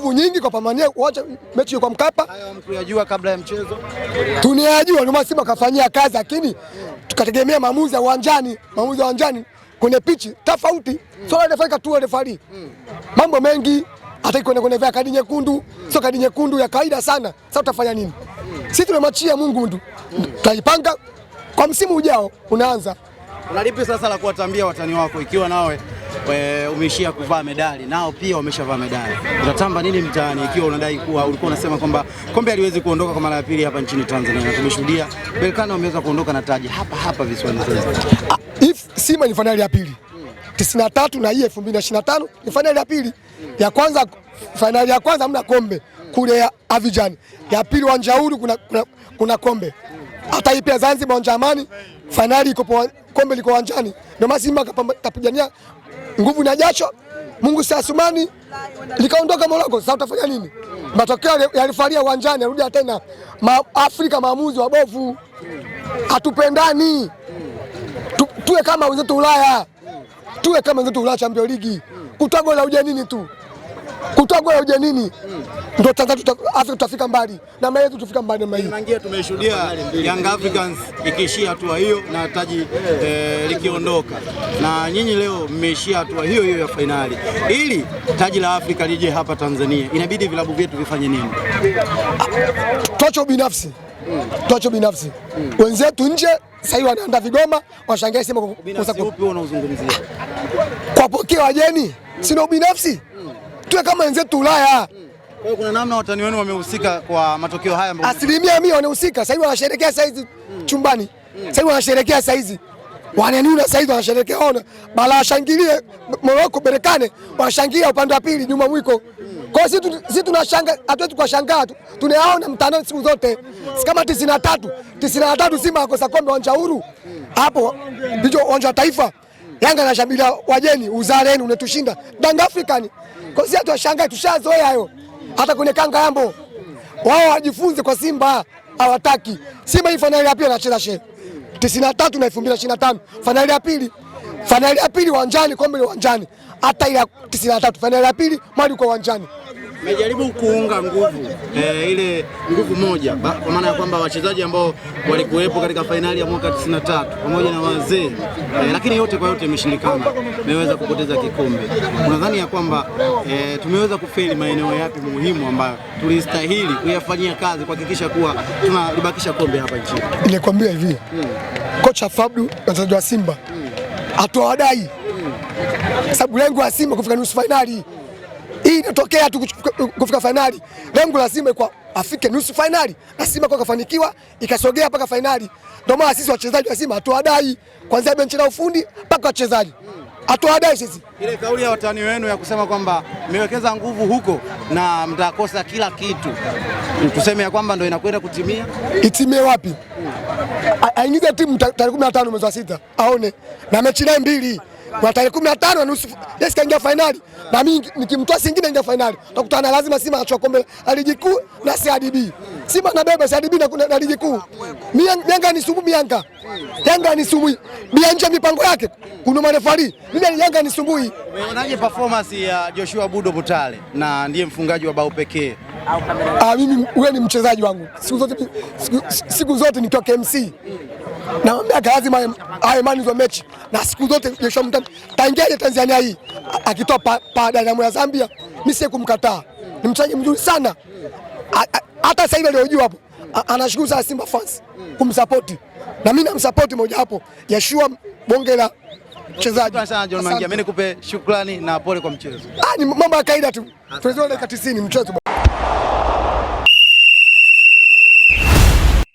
nguvu nyingi kwa pamania kuacha mechi kwa Mkapa. Hayo kabla ya mchezo. Tunayajua ndio Simba kafanyia kazi lakini Tukategemea maamuzi ya uwanjani, maamuzi ya uwanjani kwenye pichi tofauti. Mm. Sio refari tu refari. Mm. Mambo mengi hata kwenye kwenye vya kadi nyekundu, mm. Sio kadi nyekundu ya kawaida sana. Sasa utafanya nini? Mm. Sisi tumemachia Mungu ndu. Mm. Tutajipanga kwa msimu ujao unaanza. Unalipi sasa la kuwatambia watani wako ikiwa nawe umeishia kuvaa medali, nao pia wameshavaa medali. Utatamba nini mtaani ikiwa unadai kuwa ulikuwa unasema kwamba kombe aliwezi kuondoka kwa mara ya pili hapa nchini Tanzania, na tumeshuhudia Berkane wameweza kuondoka na taji hapa hapa visiwani Zanzibar. Ah, if Simba ni fainali ya pili 93 na hii 2025 ni fainali ya pili ya kwanza. Fainali ya kwanza hamna kombe kule ya Avijan, ya pili uwanja huru kuna, kuna, kuna kombe hata hii pia Zanzibar uwanja Amani, fainali iko kombe liko uwanjani. Ndio maana Simba kapigania nguvu na jasho. Mungu si Asumani likaondoka Moroko, sasa utafanya nini? Matokeo yalifalia uwanjani, arudia tena ma Afrika, maamuzi wabovu, hatupendani. Tu, tuwe kama wenzetu Ulaya, tuwe kama wenzetu Ulaya, Champions League kutwagola nini tu kutoa goli la ujanini ndio Afrika tutafika mbali namna yetu, tutafika mbali namna hiyo. Tumeshuhudia Young Africans ikiishia hatua hiyo na taji eh, likiondoka, na nyinyi leo mmeishia hatua hiyo hiyo ya fainali. Ili taji la Afrika lije hapa Tanzania, inabidi vilabu vyetu vifanye nini? Tocho binafsi Hmm. Tuacho binafsi hmm. Wenzetu nje sasa hivi wanaandaa vigoma, wanashangaa sema kwa pokea wageni, sina ubinafsi hmm tuwe kama wenzetu Ulaya. Kwa kuna namna watani wenu wamehusika kwa matokeo haya ambayo asilimia mia wanahusika. Sasa hivi wanasherekea saizi chumbani, sasa hivi wanasherekea saizi wananiuna saizi wanasherekea, ona bala washangilie Moroko berekane, wanashangilia upande wa pili nyuma mwiko. Kwa hiyo sisi tunashanga, hatuwezi kuwashangaa tu, tunayaona mtano siku zote. Kama tisini na tatu tisini tatu Simba akosa kombe uwanja huru, hapo ndicho uwanja wa Taifa. Yanga na shambilia wajeni, uzaleni unetushinda dang African kwa sisi hatuwashangae, tushazoea hayo. Hata kwenye kanga yambo wao wajifunze kwa Simba hawataki. Simba hii fainali ya pili anacheza shehe tisini na tatu na elfu mbili na ishirini na tano fainali ya pili, fainali ya pili uwanjani, kombe uwanjani. Hata ile tisini na tatu fainali ya pili mali kwa uwanjani. Mmejaribu kuunga nguvu e, ile nguvu moja ba, kwa maana ya kwamba wachezaji ambao walikuwepo katika fainali ya mwaka 93 pamoja na wazee e, lakini yote kwa yote imeshindikana, mmeweza kupoteza kikombe. Unadhani ya kwamba e, tumeweza kufeli maeneo yapi muhimu ambayo tulistahili kuyafanyia kazi kuhakikisha kuwa tunalibakisha kombe hapa nchini? Nilikwambia hivi hmm. Kocha Fabdu wachezaji wa Simba hmm. atowadai hmm. sababu lengo la Simba kufika nusu fainali inatokea tu kufika fainali. Lengo lazima kwa afike nusu fainali, lazima kwa kafanikiwa ikasogea mpaka fainali. Ndio maana sisi wachezaji lazima hatuadai kuanzia benchi la ufundi mpaka wachezaji hatuadai sisi. Ile kauli ya watani wenu ya kusema kwamba mmewekeza nguvu huko na mtakosa kila kitu, tuseme ya kwamba ndio inakwenda kutimia. Itimie wapi? Aingize timu tarehe 15 mwezi wa sita, aone na mechi naye mbili kwa tarehe 15 nusu yes, kaingia fainali na mimi nikimtoa Singida ingia fainali, utakutana lazima Simba achukue kombe la ligi kuu na CRDB. Simba anabeba CRDB na kuna ligi kuu. Yanga ni sumu, Yanga Yanga ni sumu bila nje mipango yake, kuna marefari mimi, Yanga ni sumu. Umeonaje performance ya Joshua Budo Butale, na ndiye mfungaji wa bao pekee? Ah, mimi wewe ni mchezaji wangu siku zote, siku zote nikiwa KMC Naambia kazi hayo man of mechi na siku zote Joshua Mutale tangiaje Tanzania hii akitoa pa, pa Dinamo ya Zambia, mimi si kumkataa, ni mchezaji mzuri sana. Hata sasa hivi aliojua hapo anashukuru sana Simba fans kumsupport na mimi namsupport moja hapo Joshua bonge la Mangia. Mimi nikupe shukrani na pole kwa mchezo. Ah, ni mambo ya kaida tu, tunacheza dakika 90 mchezo